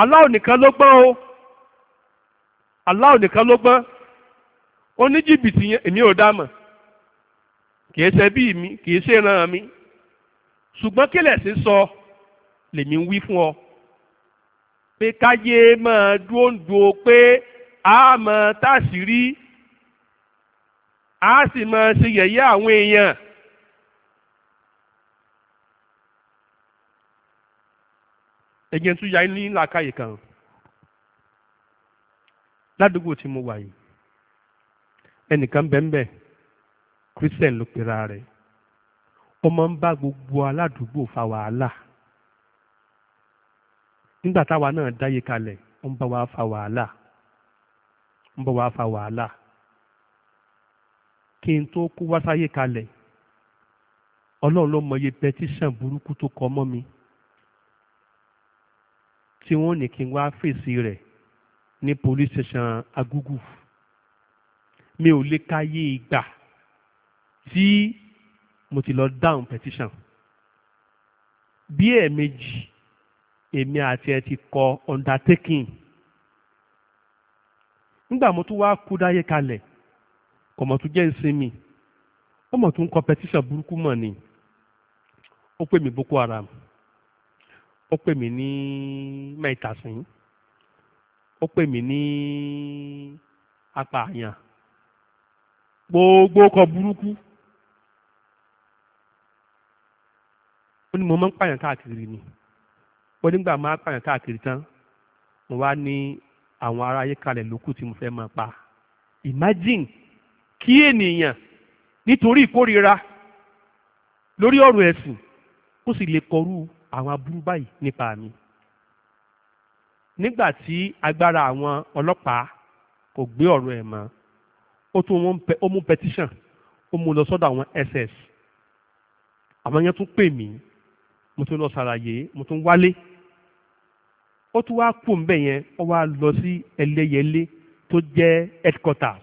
Allah nìkan ló gbọ́n o Allah nìkan ló gbọ́n oníjìbìtì yẹn èmi ò dá mọ̀ kìí ṣe bí mi kìí ṣe ràn mí ṣùgbọ́n kílẹ̀ sí sọ lèmi ń wí fún ọ pé káyé máa dúró ń do pé a máa tàṣírí a sì máa ṣe yẹ̀yẹ́ àwọn èèyàn. ẹ̀jẹ̀ tún ya ní làákàyè kan ládùúgbò tí mo wà yìí ẹnìkan bẹ́ẹ̀nbẹ́ christian ló pera rẹ̀ ó máa ń bá gbogbo aládùúgbò fa wàhálà nígbà táwa náà dáyé kalẹ̀ ó ń bá wa fa wàhálà ń bá wa fa wàhálà kí n tó kó wáṣáyé kalẹ̀ ọlọ́run ló mọ iye pẹtíṣàn burúkú tó kọ mọ́ mi tí wọ́n ní kí n wá fèsì rẹ̀ ní police station Agugu mi ò lè káyé ìgbà tí mo ti lọ down petition bí ẹ̀ẹ̀mejì èmi àti ẹ ti kọ undertaking nígbà mo tún wá kú dáyé kalẹ̀ kò mọ̀ tún jẹ́ ìsinmi ó tún kọ petition burúkú mọ̀ ni ó pè mí Boko Haram ó pè mí ní mẹ́tàsín ó pè mí ní apààyàn gbogbo ọkọ̀ burúkú ó ní mo máa ń pààyàn káàkiri ni ó nígbà máa ń pààyàn káàkiri tán mo wá ní àwọn aráyé kalẹ̀ lókù tí mo fẹ́ máa pa imagine kí ènìyàn nítorí ìkórira lórí ọ̀rọ̀ ẹ̀sìn ó sì lè kọrú àwọn aburú báyìí nípa mi nígbà tí agbára àwọn ọlọ́pàá kò gbé ọ̀rọ̀ ẹ̀ mọ́ ó tún ó mú petition ó mú lọ sọ́dọ̀ àwọn ss àwọn yẹn tún pè mí mo tún lọ ṣàlàyé mo tún wálé ó tún wá kú mbẹ yẹn ó wá lọ sí ẹlẹ́yẹlé tó jẹ́ headquarters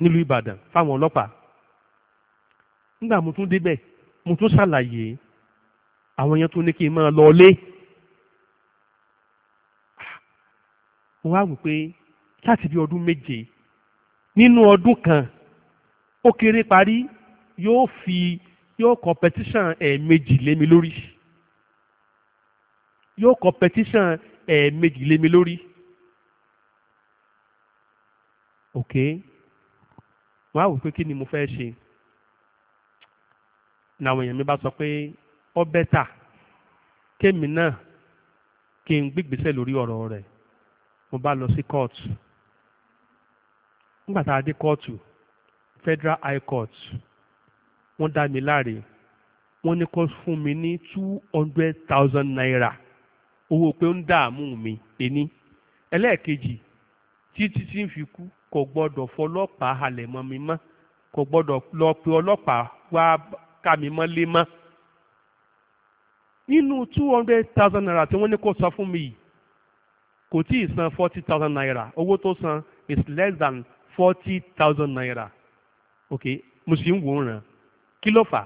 nílùú Ìbàdàn fáwọn ọlọ́pàá nígbà mo tún débẹ̀ mo tún ṣàlàyé àwọn yẹn tó ní kí n máa lọ lé mo wá wò pé láti bí ọdún méje nínú ọdún kan ó kéré parí yóò fi yóò competition ẹ̀ẹ̀mejì lé mi lórí yóò competition ẹ̀ẹ̀mejì lé mi lórí ok mo wá wò pé kí ni mo fẹ́ ṣe làwọn èèyàn mi bá sọ pé ọ bẹ́tà kémi náà kí n gbígbésẹ̀ lórí ọ̀rọ̀ rẹ̀ mo bá lọ sí kóòtù nígbà tá a dé kóòtù federal high court wọ́n dá mi láre wọ́n ní kó fún mi ní two hundred thousand naira owó pé ó ń dààmú mi ẹni ẹlẹ́ẹ̀kejì títí tí ń fi kú kò gbọ́dọ̀ fọlọ́pàá halẹ̀ mọ́ mi mọ́ kò gbọ́dọ̀ lọ pe ọlọ́pàá wá ká mi mọ́lé mọ́. nínú two hundred thousand naira tí wọ́n ní kó san fún mi yìí kò tí ì san forty thousand naira owó tó san is less than forty thousand naira ok mo sì ń wò ó ràn kí ló fà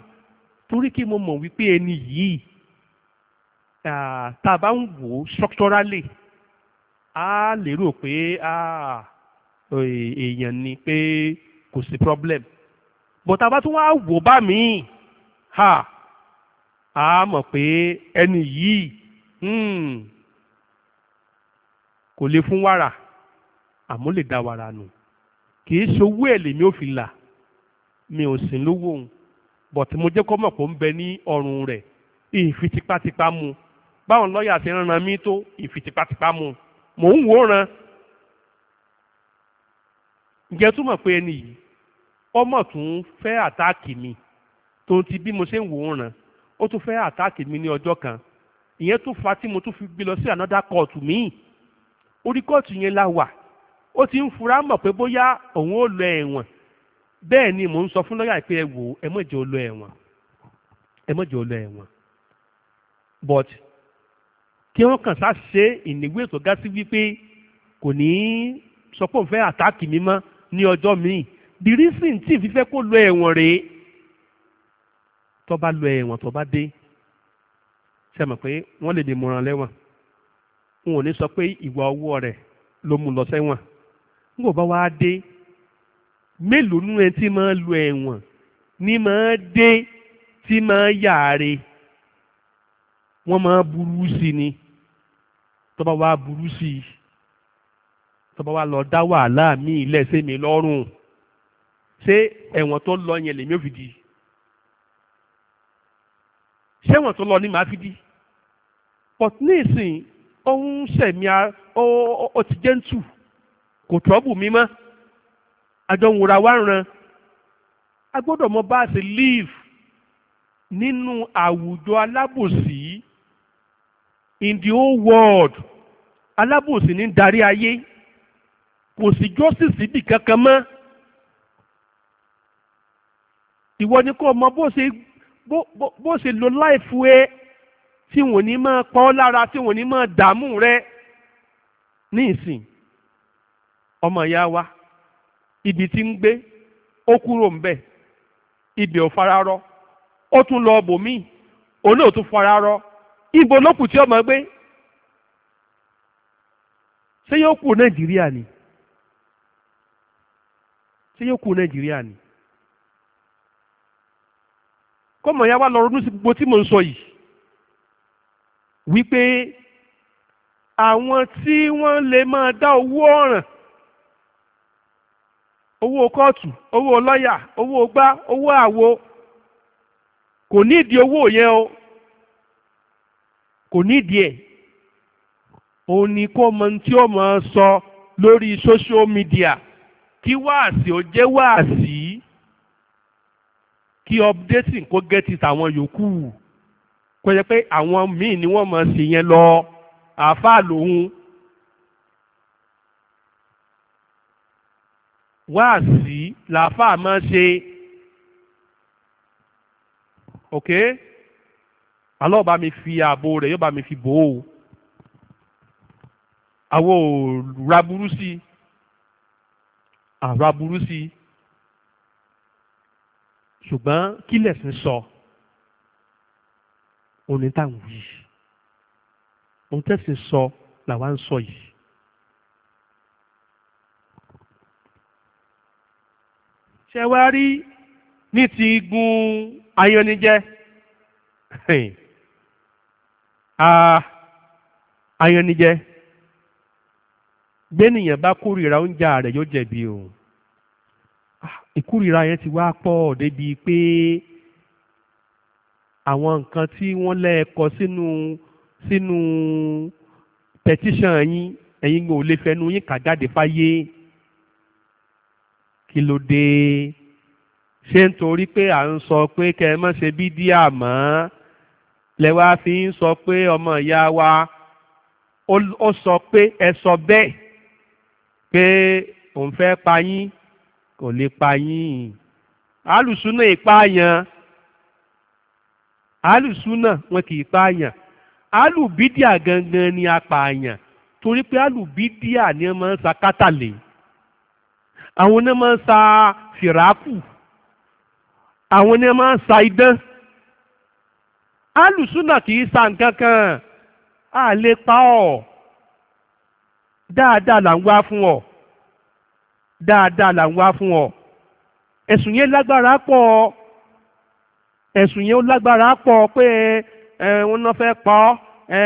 torí kí mo mọ̀ wípé ẹni yìí tá a bá ń wò ó structurally a lérò pé èèyàn ni pé kò sí problem but tá a bá tún wá wò bá mi ha a mọ̀ pé ẹni yìí hmm, kò lè fún wàrà àmọ́ lè dá wàrà nù kì í ṣowó ẹ̀ lèmi ò fi là mi ò sìn lówó òun bọ̀tí mo jẹ́ kó mọ̀ pé ó ń bẹ ní ọrùn rẹ̀ ìfi tipátipá mu báwọn lọ́ọ̀yà ti rán mi tó ìfi tipátipá mu mò ń wòran ǹjẹ́ túmọ̀ pé ẹni yìí ọmọ tún fẹ́ àtáàkì mi tó ti bí mo ṣe ń wòran ó tún fẹ́ àtáàkì mi ní ọjọ́ kan ìyẹn tún fa tí mo tún fi gbé lọ sí another court míì orí kóòtù yẹn la wà ó ti ń fura mọ̀ pé bóyá òun ó lọ ẹ̀wọ̀n bẹ́ẹ̀ ni mò ń sọ fún lọ́yà pé ẹ wò ó ẹ má jẹ́ ó lọ ẹ̀wọ̀n ẹ má jẹ́ ó lọ ẹ̀wọ̀n but kí wọ́n kàn sáà ṣe ìníwé tó ga sí wípé kò ní í sọ pé òun fẹ́ àtáàkì mi mọ́ ní ọjọ́ míì the reason tí ìfífẹ́ kó lọ ẹ̀wọ̀n rèé tó bá lọ ẹ̀wọ̀n tó bá dé ṣe mọ̀ pé wọ́n lè lè múran lẹ́wọ̀n n ò ní sọ pé ìwà ọwọ́ rẹ̀ ló mú lọ sẹ́wọ̀n n kò bá wá dé mélòó nú ẹ tí máa lọ ẹ̀wọ̀n ní máa dé tí máa yàre wọ́n máa burú sí ni tó bá wá burú sí i tó bá wá lọ dá wàhálà mi ilẹ̀ sẹ́mi lọ́rùn ṣé ẹ̀wọ̀n tó lọ yẹn lèmi ò fi di ṣẹ́wọ̀n tó lọ ní màá fi dí but ní ìsìn ó ń ṣẹ̀mí ó ti jẹ́ǹtù kò tọ́bù mi mọ́ àjọ wá ran a gbọ́dọ̀ mọ bá a ṣe live nínú àwùjọ alábòsí in the whole world alábòsí ní darí ayé kò sí justice ibì kankan mọ́ ìwọ ni kò mọ bó ṣe bó ṣe lo láìfu ẹ tí wọ́n ní máa pa lára tí wọ́n ní máa dààmú rẹ ní ìsìn ọmọ ìyá wa ibi tí ń gbé ó kúrò ń bẹ̀ ibẹ̀ ò fararọ ó tún lọ bòmíì òun náà tún fararọ ibo lókù tí ọmọ gbé ṣé yóò kú nàìjíríà ni ṣé yóò kú nàìjíríà ni. kọ́mọ̀ ya wá lọ ronú sí gbogbo tí mò ń sọ yìí wípé àwọn tí wọ́n lè máa dá owó ọ̀ràn owó kóòtù owó lọ́yà owó gbá owó àwo kò nídìí owó yẹn o kò nídìí ẹ̀ òun ni kó mọ tí ó máa sọ lórí social media kí wáàsí ó jẹ́ wáàsí kí updating kó get it àwọn yòókù kó jẹ́ pé àwọn míì ni wọ́n mọ̀ sí yẹn lọ àáfàá lòun. wáàsí làáfàá máa ṣe ok alọ́ọ̀ bá mi fi ààbò rẹ̀ yóò bá mi fi bò ó àwọn ò ra burú sí i àra burú sí i ṣùgbọ́n kí lẹ̀sìn sọ òní táwọn wí òun tẹ̀sìn sọ làwa ń sọ yìí. ṣe wá rí ní ti gun ayọnijẹ ayọnijẹ gbẹ́nìyàn bá kórìíra oúnjẹ rẹ̀ yóò jẹ̀bi òun ìkórìíra yẹn ti wá pọ̀ débi pé àwọn nǹkan tí wọ́n lẹ́ẹ̀kọ́ sínú sínú petition yín ẹ̀yin ò lè fẹnu yín kà jáde fáyé kí ló dé ṣé nítorí pé à ń sọ pé kẹ ẹ mọ̀ ṣe bí díà mọ́ lẹ wá fi ń sọ pé ọmọ ìyá wa ó sọ pé ẹ sọ bẹ́ẹ̀ pé òun fẹ́ pa yín. kò lè pa yín alùsùnà ìpààyàn alùsùnà wọn kì í pààyàn alùbídíà gangan ni apààyàn torí pé alùbídíà ni wọ́n máa ń sa kátàlè àwọn ni wọ́n máa ń sa fìràkù àwọn ni wọ́n máa ń sa idán alùsùnà kì í sa nǹkan kan a lè pa ọ́ dáadáa là ń wá fún ọ. dáadáa là ń wá fún ọ ẹ̀sùn yẹn lágbára pọ̀ ẹ̀sùn yẹn ó lágbára pọ̀ pé ẹ wọn náà fẹ́ pa ọ́ ẹ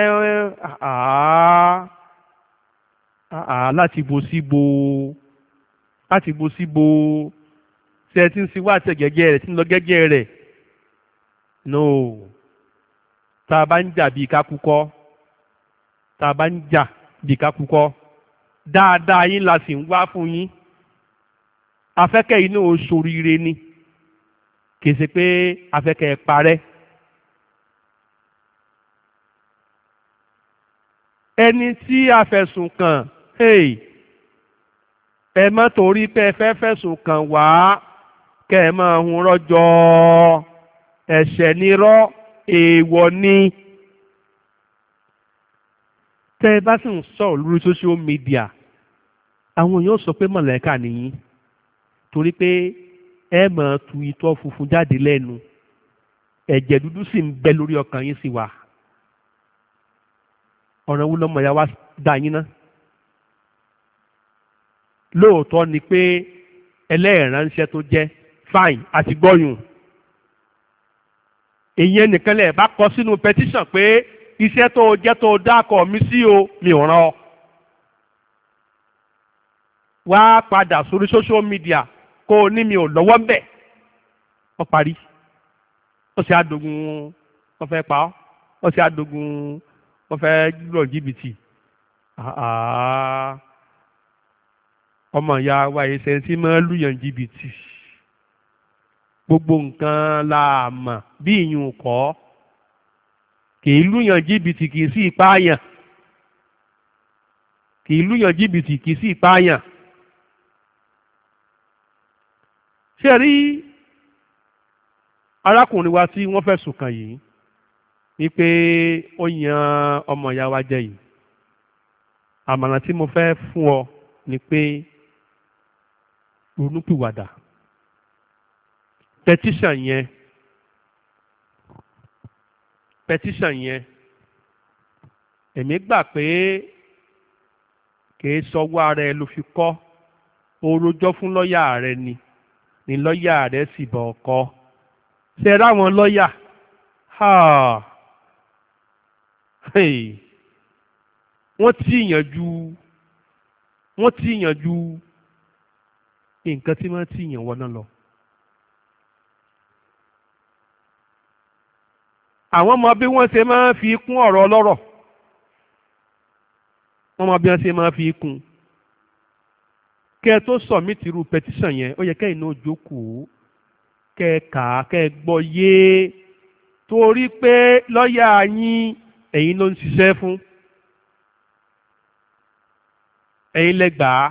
ẹ láti bo síbo láti bo síbo tí ẹ ti ń siwá àti ẹ̀gẹ́gẹ́ rẹ̀ ti ń lọ gẹ́gẹ́ rẹ̀ no tá a bá ń jà bíi kákúkọ́ tá a bá ń jà bíi kákúkọ́ dáadáa yín la sì ń wá fún yín afẹ́kẹ́ inú oṣù rire ni kì í ṣe pé afẹ́kẹ́ parẹ́. ẹni tí a fẹ̀sùn kàn ẹ má torí pé ẹ fẹ́ fẹ̀sùn kàn wá kẹ́ ẹ máa hun rọ́jọ́ ẹ̀ṣẹ̀ nírọ́ èèwọ̀ ni. tẹ́ ẹ bá sì ń sọ̀rọ̀ lórí social media àwọn èèyàn sọ pé mọ̀lẹ́kà nìyí torí pé ẹ máa tu itọ́ funfun jáde lẹ́nu ẹ̀jẹ̀ dúdú sì ń bẹ lórí ọkàn yín sì wà ọ̀ràn wo lọ́mọ ìyá wa dá yín ná lóòótọ́ ni pé ẹlẹ́ẹ̀ránṣẹ́ tó jẹ́ fine àti gbọ́yùn èyí ẹnìkan lẹ̀ bá kọ sínú petition pé iṣẹ́ tó jẹ́ tó dákọ̀ mi sí o mi ò ràn ọ́ wá padà sórí social media kó o ní mi ò lọ́wọ́ bẹ̀ ọ parí ó sì adogun wọ́n fẹ́ pa ọ́ ó sì adogun wọ́n fẹ́ lọ jìbìtì ọmọ ìyá wa ẹsẹ̀ tí máa lùyàn jìbìtì gbogbo nǹkan la mọ̀ bí ìyún kọ́ kìí lùyàn jìbìtì kìí sí ìpáàyàn kìí lùyàn jìbìtì kìí sí ìpáàyàn. ṣe rí arákùnrin wa tí wọ́n fẹ̀sùn kàn yìí ni pé ó yan ọmọ ìyá wa jẹ yìí àmàràn tí mo fẹ́ fún ọ ni pé ronúpìwàdà petition yẹn petition yẹn èmi gbà pé kìí sọwọ́ ara ẹ ló fi kọ́ orojọ́ fún lọ́ọ̀yà rẹ ni ni lọ́ọ̀yà rẹ̀ sì bọ̀ ọkọ ṣe ráwọn lọ́ọ̀yà wọ́n ti yànjú wọ́n ti yànjú nǹkan tí wọ́n ti yàn wọ́n lọ. àwọn mọ bí wọ́n ṣe máa ń fi kún ọ̀rọ̀ ọlọ́rọ̀ wọ́n mọ bí wọ́n ṣe máa ń fi kún un kẹ́ ẹ tó submit irú petition yẹn ó yẹ kẹ́ ìná ojókòó kẹ́ ẹ kà á kẹ́ ẹ gbọ́ yé torí pé lọ́ọ̀yà yín ẹ̀yin ló ń ṣiṣẹ́ fún ẹ̀yin lẹ́gbàá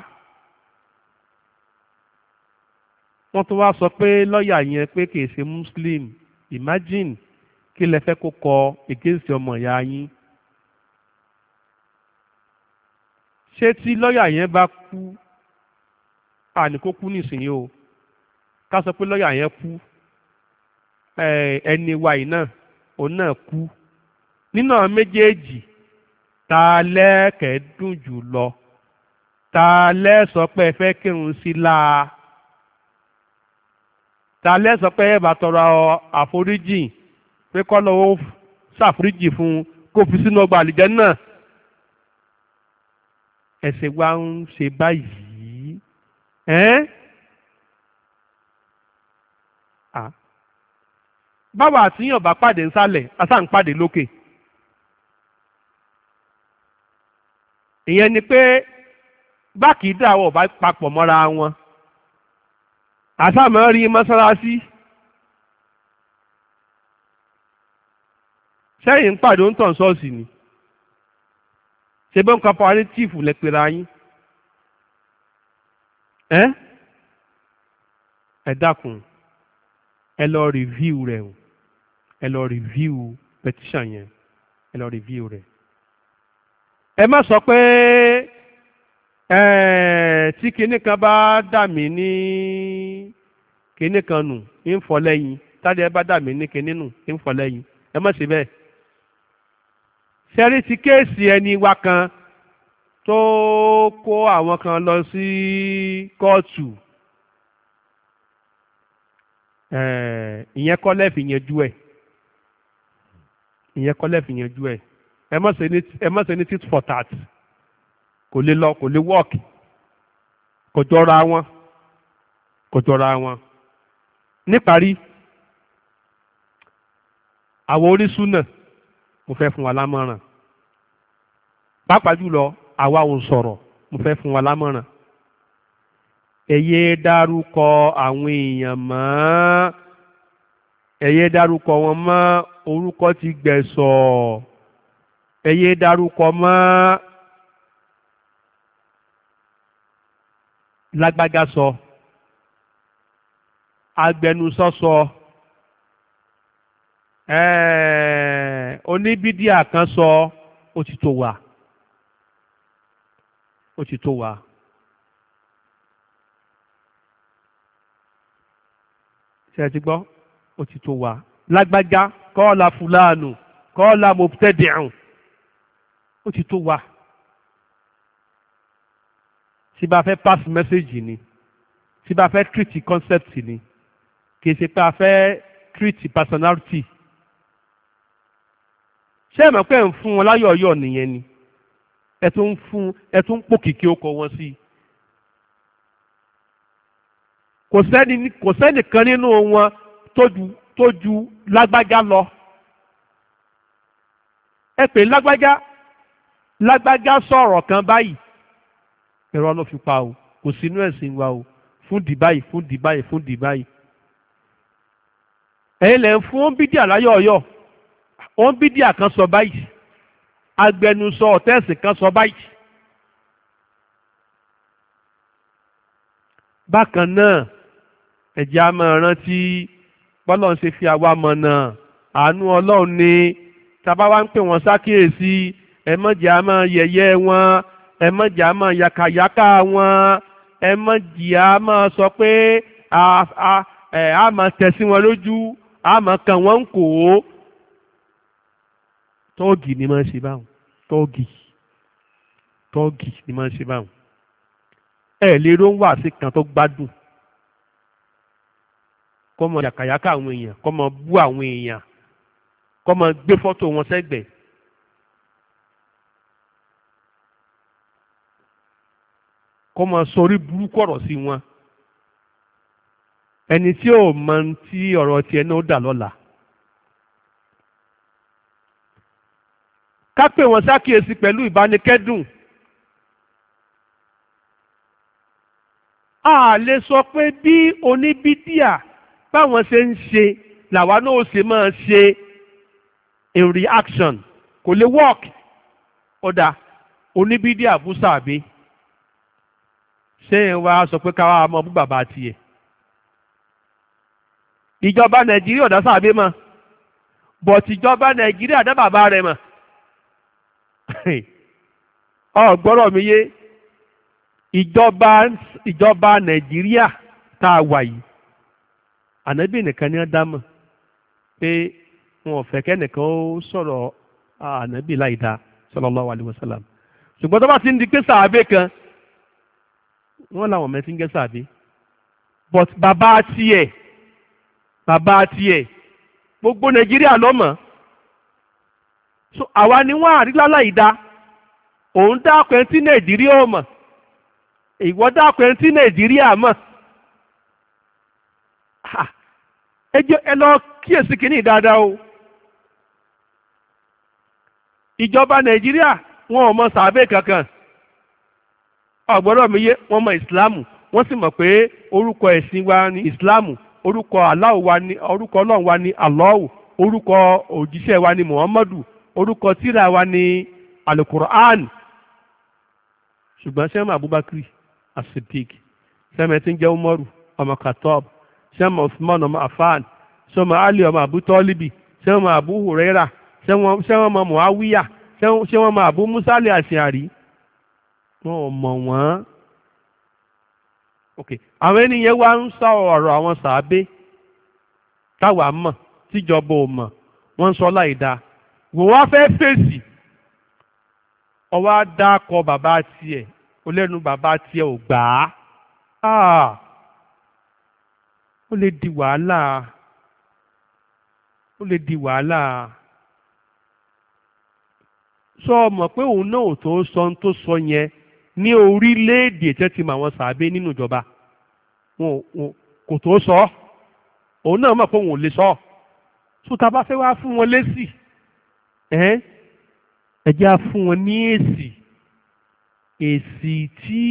wọ́n tún wá sọ pé lọ́ọ̀yà yẹn pé kì í ṣe muslim imagine kí lẹ fẹ́ kó kọ against ọmọ ìyá yín ṣé tí lọ́ọ̀yà yẹn bá kú àní kó kú nísìnyí o ká sọ pé lọ́ọ̀yà yẹn kú ẹni wa yìí náà òun náà kú nínú àwọn méjèèjì ta lẹ́ẹ̀kẹ́ dùn jù lọ ta lẹ́ẹ̀sọ pé ẹ fẹ́ kírun sí láa ta lẹ́ẹ̀sọ pé ẹ bá tọrọ àforíjì pé kọ́ lọ́wọ́ ṣàforíjì fún kó fi sínú ọgbà àlùjẹ́ náà ẹ̀sìn wa ń ṣe báyìí ẹ́n báwo àtìyàn bá pàdé nsàlẹ̀ asá ń pàdé lókè ìyẹn ni pé báàkì dàwọ̀ bá papọ̀ mọ́ra wọn àsàmọ́ rí mọ́sálásí sẹ́yìn ń pàdé ń tàn ṣọ́ọ̀ṣì ni ṣe bó ń kan palliative lẹ́pẹ̀rẹ̀ ayín ẹ́ ẹ dákun ẹ lọ rìvíw rẹ̀ o ẹ lọ rìvíw petition yẹn ẹ lọ rìvíw rẹ̀ ẹ má sọ pé ẹ tí kinní kan bá dà mí ní kinní kan nù ń fọ lẹ́yìn tàbí ẹ bá dà mí ní kinní nù ń fọ lẹ́yìn ẹ má ṣe bẹ́ẹ̀ ṣẹ́rí ti kéèsì ẹni wa kan tó kó àwọn kan lọ sí kóòtù eh, ìyẹn kọ́ lẹ́ẹ̀fì yanjú ẹ̀ ìyẹn kọ́ lẹ́ẹ̀fì yanjú ẹ̀ ẹ má ṣe ní tit for tat kò lè lọ kò lè wọ́ọ̀kì kò jọra wọn kò jọra wọn níparí àwọn orísun náà mo fẹ́ fún wa lámọ̀ràn pàápàá jùlọ àwa ò sọ̀rọ̀ mo fẹ́ fún wa lámọ̀ràn ẹ yé dárúkọ àwọn èèyàn mọ́ ẹ dárúkọ wọn mọ́ orúkọ ti gbẹ̀sọ̀ ẹ dárúkọ mọ́ lágbága sọ agbẹnusọ sọ oníbídíà kan sọ ó ti wà. ó ti tó wa. ṣe ẹ ti gbọ́ ó ti tó wa lágbájá kọ́ọ̀lá fúlàánù kọ́ọ̀lá mọ̀tẹ́dẹ̀rùn ó ti tó wa. tí bá fẹ́ pass message ni tí bá fẹ́ treat concept ni kì í ṣe pé a fẹ́ treat personality ṣé ẹ mọ̀ pé ń fún wọn láyọ̀ọ́yọ̀ nìyẹn ni ẹ tún fún ẹ tún pòkìkí ó kọ wọn sí i. kò sẹ́ni kò sẹ́nìkan nínú wọn tó ju tó ju lágbájá lọ. ẹ pè lágbájá lágbájá sọ̀rọ̀ kan báyìí ẹ̀rọ ló fi pa o kò sínú ẹ̀sìn wa o fún di báyìí fún di báyìí fún di báyìí. ẹ̀yin lẹ̀ ń fún bídíà láyọ̀ ọ̀yọ̀ ó ń bídíà kan sọ báyìí agbẹnusọ ọ̀tẹ́ẹ̀sì kan sọ báyìí. bákan náà ẹ̀jẹ̀ a máa rántí bọ́lọ́n ṣe fi àwa mọ̀ náà àánú ọlọ́run ni tàbá wá ń pè wọn sákìyèsí ẹ má jẹ́ a máa wọn ẹ a máa wọn ẹ a máa sọ pé a máa tẹ̀ wọn lójú a máa kàn wọ́n ń kò ó. tọ́ọ̀gì ni máa ń ṣe báwọn tọ́ọ̀gì tọ́ọ̀gì ni máa ń ṣe báwọn ẹ lè ró ń wà sí kan tó gbádùn kọ́mọ yàkàyàkà àwọn èèyàn kọ́mọ bú àwọn èèyàn kọ́mọ gbé fọ́tò wọn sẹ́gbẹ̀ẹ́. kọ́mọ sọrí burúkú ọ̀rọ̀ sí wọn ẹni tí ò mọ ti ọ̀rọ̀ tiẹ̀ náà dà lọ́la. ká pè wọ́n ṣàkíyèsí pẹ̀lú ìbánikẹ́dùn. a lè sọ pé bí oníbídíà báwọn ṣe ń ṣe làwa náà ó ṣe máa ṣe in reaction kò lè work ọ̀dà oníbídíà bú sàbí ṣé ẹ wá sọ pé káwá mọ bú bàbá tiẹ̀ ìjọba nàìjíríà ọ̀dà sàbí mọ́ bọ̀tìjọba nàìjíríà dá bàbá rẹ̀ mọ́ ọ̀gbọ́rọ̀ mi yé ìjọba ìjọba nàìjíríà tá a wà yìí ànábì nìkan ni wọ́n dá mọ̀ pé wọn ò fẹ́ kẹ́nìkan ó sọ̀rọ̀ ànábì láì dáa sallallahu alaihi wasallam ṣùgbọ́n tó bá ti ń di pé sàábé kan wọ́n làwọn mẹ́tí ń gẹ́ sàábé but bàbá tiẹ̀ bàbá tiẹ̀ gbogbo nàìjíríà lọ́mọ̀ọ́ so àwa ni wọn àrí lálá ìdá òun dákọ̀ ẹni tí nàìjíríà mọ̀ ìwọ dákọ̀ ẹni tí nàìjíríà mọ̀ ẹ lọ kíyèsí kínní dáadáa o ìjọba nàìjíríà wọn ò mọ kankan ọ̀gbọ́dọ̀ mi yé mọ ìsìláàmù wọ́n sì mọ̀ pé orúkọ ẹ̀sìn wa ni ìsìláàmù orúkọ wa ni orúkọ muhammadu orúkọ tíra wa ni alukur'an ṣùgbọ́n sẹ́mu abubakar asidik sẹ́mu ẹtí ń jẹ́ umaru ọmọ katob sẹ́mu usman ọmọ afan sẹ́mu ali ọmọ abutọ́libi sẹ́mu abu huraira sẹ́mu ọmọ muawiya sẹ́mu ọmọ abu musali asiari wọn ò mọ̀ wọ́n. Okay. àwọn ènìyàn wa ń sọ ọ̀rọ̀ àwọn sàábé táwa mọ̀ tíjọba ò mọ̀ wọ́n ń sọ láì dáa wò wá fẹ́ fèsì ọwọ́ á dákọ bàbá tiẹ̀ olẹ́nu bàbá tiẹ̀ ò gbà á ah! ó lè di wàhálà ó lè di wàhálà sọ mọ̀ pé òun náà ò tó sọ ohun tó sọ yẹn ní orílẹ̀-èdè tẹ́ ti mọ̀ àwọn sàbẹ̀ nínú ìjọba kò tó sọ òun náà mọ̀ pé òun ò lè sọ sọ tá bá fẹ́ wá fún wọn lésì. Si ẹ́ fún wọn ní èsì èsì tí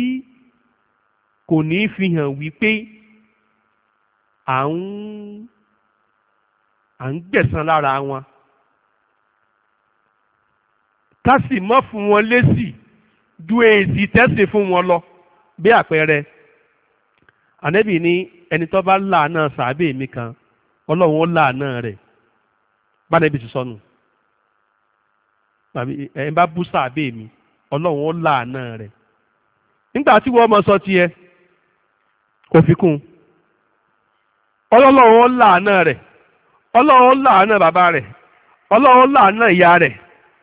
kò ní fi hàn wípé à ń à ń gbẹ̀san lára wọn ká sì mọ́ fún wọn lésì ju èsì tẹ́sì fún wọn lọ bí àpẹẹrẹ ànẹ́bì ni ẹni tó bá láàánà sàábè mi kan ọlọ́run ó láàánà rẹ̀ bá nẹ́bì ti sọnù. So ẹ̀ bá bú sàbẹ̀ mi ọlọ́run ó láàánà rẹ̀ nígbà tí wọ́n mọ sọ kò fi kún ọlọ́run ó láàánà rẹ̀ ọlọ́run ó láàánà bàbá rẹ̀ ọlọ́run ó láàánà ìyá rẹ̀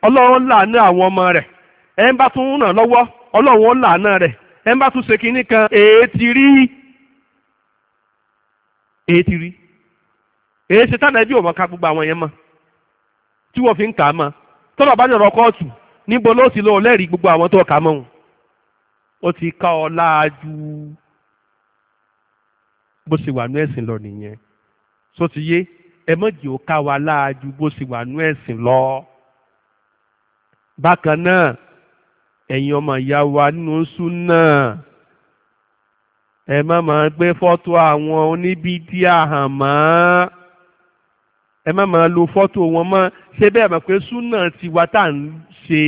ọlọ́run ó láàánà àwọn ọmọ rẹ̀ bá tún ràn lọ́wọ́ rẹ̀ bá ti rí èé ti rí èé ṣe tánà ẹbí ká àwọn yẹn mọ tí wọ́n fi ń tọ́lọ̀ bá dọ̀rọ̀ kóòtù níbo ló ti lọ lẹ́rìí gbogbo àwọn tó kà mọ́ òun ó ti ká ọ láàájú bó ṣe wà nú ẹ̀sìn lọ nìyẹn tó ti yé ẹ mọ̀jì ó ká wa láàájú bó ṣe wà nú ẹ̀sìn lọ. bákan náà ẹ̀yin ọmọ ìyá wa nínú súnà ẹ má máa gbé fọ́tò àwọn oníbídíà hàn mọ́ ẹ má máa lo fọ́tò wọn mọ́ ṣé bẹ́ẹ̀ mọ̀ pé súnà tiwa tá à ń ṣe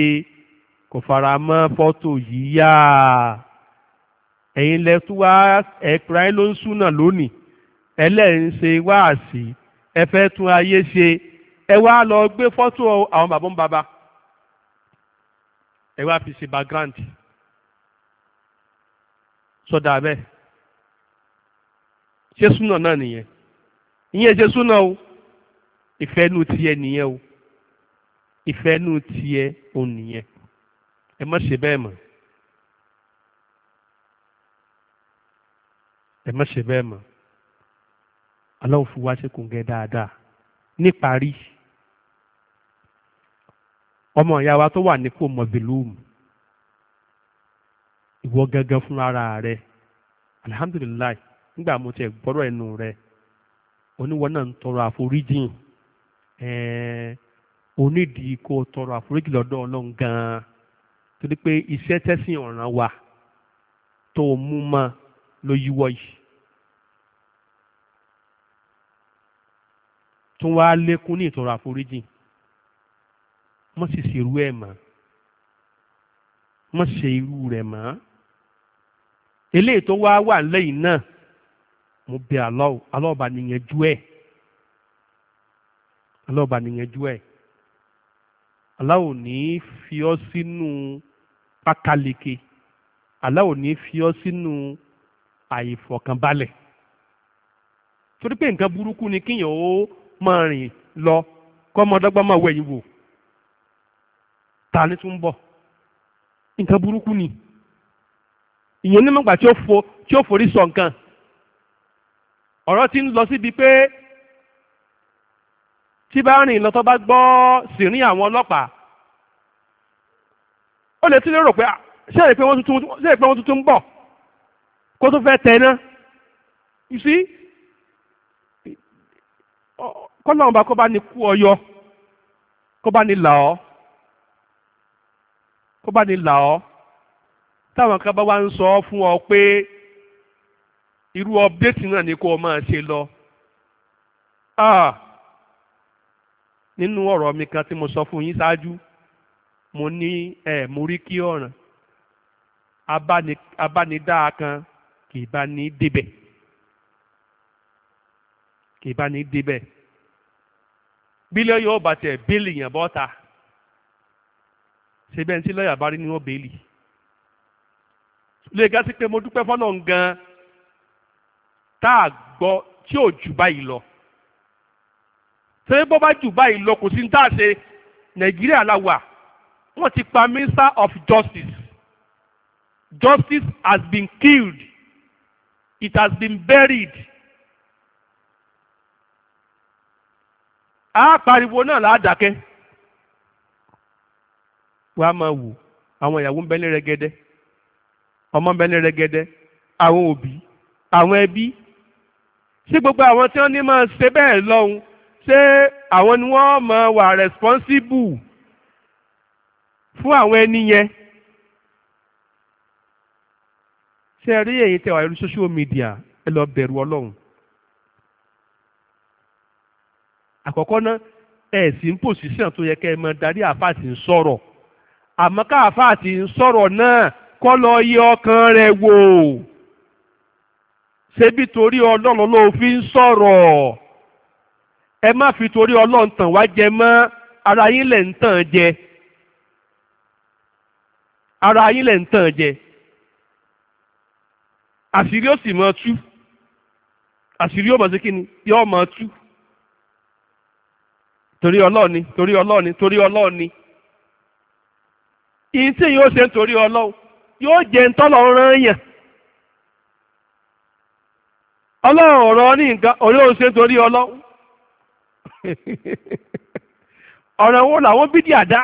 kò fara mọ́ fọ́tò yíyá ẹ̀yin lẹ tó wá ẹ̀kúra ló ń súnà lónìí ẹlẹ́yìn ṣe wáàsí ẹ fẹ́ tún ayé ṣe ẹ wá lọ gbé fọ́tò àwọn bàbá ń bàbá ẹ wá fi ṣe background sọdà bẹ́ẹ̀ ṣé súnà náà nìyẹn ìyẹn ṣe súnà o. ìfẹ́ inú tiẹ̀ nìyẹn o ìfẹ́ inú tiẹ̀ nìyẹn ẹ má ṣe bẹ́ẹ̀ mọ́ ẹ má ṣe bẹ́ẹ̀ wa ṣe ọmọ ìyá wa tó wà ìwọ gángan fún ara rẹ alihamdulilayi nígbà mo ti rẹ oníwọ náà ń tọrọ onídìí kó tọrọ àforíjì lọ́dọ̀ ọlọ́run gan-an torí pé iṣẹ́ tẹ́sí ọ̀ràn wa tó o mú mọ́ ló yíwọ́ yìí. tún wá lékún ní ìtọ́rọ àforíjì mọ́ sì irú ẹ̀ mọ́ mọ́ ṣe irú rẹ̀ mọ́ eléyìí tó wá wà lẹ́yìn náà mo bẹ̀ Allah Allah bá nìyẹn jú ẹ̀. ọlọ́ọ̀bà nìyẹnjú ẹ̀ aláwo ní fi ọ́ sínú pákáleke aláwo ní fi ọ́ sínú àìfọ̀kànbalẹ̀ torí pé nǹkan burúkú ni kíyàn ó máa rìn lọ kọ́mọdọ́gbọ́n máa wẹ̀yìn wò ta ni tún bọ̀ nǹkan burúkú ni ìyẹn nímọ̀gbà tí ó forí sọ nǹkan ọ̀rọ̀ ti ń lọ síbi pé tí bá rìn lọ tó bá gbọ́ sìnrín àwọn ọlọ́pàá ó lè tún lérò pé ah, ṣé èrè pé wọ́n tuntun ń bọ̀ kó tó fẹ́ tẹ̀ náà you see kọ́lọ́run bá kó bá ní kú ọyọ kó bá ní là ọ́ kó bá ní là ọ́ táwọn kan bá wá ń sọ fún ọ pé irú update náà ni kó o máa ṣe lọ. Ah nínú ọ̀rọ̀ mi kan tí mo sọ fún yín ṣáájú mo ní ẹ̀ mo rí kí ọ̀ràn abánidáa kan kì í bá ní débẹ̀ kì í bá ní débẹ̀ bílẹ̀ yóò bàtẹ̀ bílì yẹn bọ́ta ṣebí ẹni tí lọ́ọ̀yà bá rí ni wọ́n bẹ́ẹ̀lì lè gásí pé mo dúpẹ́ fọ́nà gan tá a gbọ́ tí ò jù báyìí lọ ṣé bó bá jù báyìí lọ kò sí ní tá a ṣe nàìjíríà la wà wọ́n ti pa minister of justice justice has been killed it has been buried a pariwo náà ládàkẹ́ wọ́n á máa wò àwọn ìyàwó ń bẹ ní rẹ́gẹ́dẹ́ ọmọ ń bẹ ní rẹ́gẹ́dẹ́ àwọn òbí àwọn ẹbí ṣé gbogbo àwọn tí wọ́n ní máa ṣe bẹ́ẹ̀ lọ́hùn ṣé àwọn ni wọ́n mọ̀ wà responsible fún àwọn ẹni yẹn ṣe rí èyí tẹ wà lórí social media ẹ lọ bẹ̀rù ọlọ́run àkọ́kọ́ náà ẹ sì ń pòsíṣàn tó yẹ kẹ́ ẹ mọ darí àfáàtì ń sọ̀rọ̀ àmọ́ ká àfáàtì ń sọ̀rọ̀ náà kọ́ lọ yẹ ọkàn rẹ̀ wò ṣebí torí ọlọ́run ló fi ń sọ̀rọ̀. ẹ má fi torí ọlọ́run tàn wá jẹ mọ́ ara yín lẹ̀ ń tàn jẹ ara yín lẹ̀ ń tàn jẹ àṣírí ó sì máa tú àṣírí ó máa ṣe kí ni yóò máa tú torí ọlọ́ọ̀ni torí ọlọ́ọ̀ni torí ọlọ́ọ̀ni ìyìn tí yóò ṣe torí ọlọ́run yóò jẹ́ ntọ́lọ̀ rán yàn ọlọ́run ọ̀rọ̀ ní nǹkan òun yóò ṣe nítorí ọlọ́run. ọ̀nà wo làwọn bídíà dá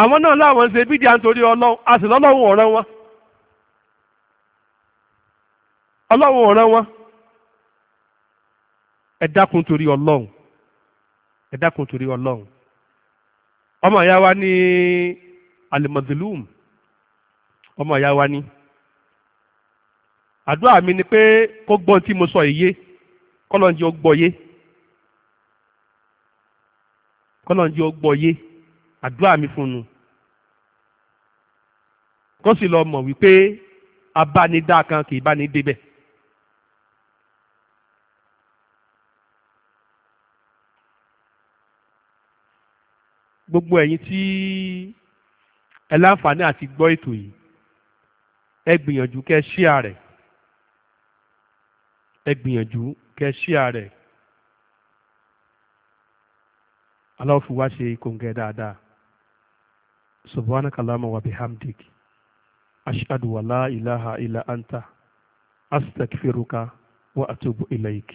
àwọn náà láwọn ṣe bídíà nítorí ọlọ́run a sì lọ́lọ́run ọ̀ràn wọn ọlọ́run ọ̀ràn wọn ẹ dákun torí ọlọ́run ẹ dákun torí ọlọ́run ọmọ ìyá wa ní ọmọ ìyá wa ní àdúrà mi ni pé kó gbọ́n tí mo sọ èyí kọ́lọ́njì ó gbọ́yé kọ́lọ́njì ó gbọ́yé àdúrà mi fún un kó sì lọ mọ̀ wípé abánidá kan kì í bá ní débẹ̀. gbogbo ẹ̀yin tí ẹ láǹfààní àti gbọ́ ètò yìí ẹ gbìyànjú kẹ́ ṣíà rẹ̀ ẹ gbìyànjú kẹ́ ṣíà rẹ̀ Allah fi wá ṣe kòǹgẹ́ dáadáa subhanaka allahumma wa bihamdik ashhadu wa la ilaha illa anta astaghfiruka wa atubu ilayk.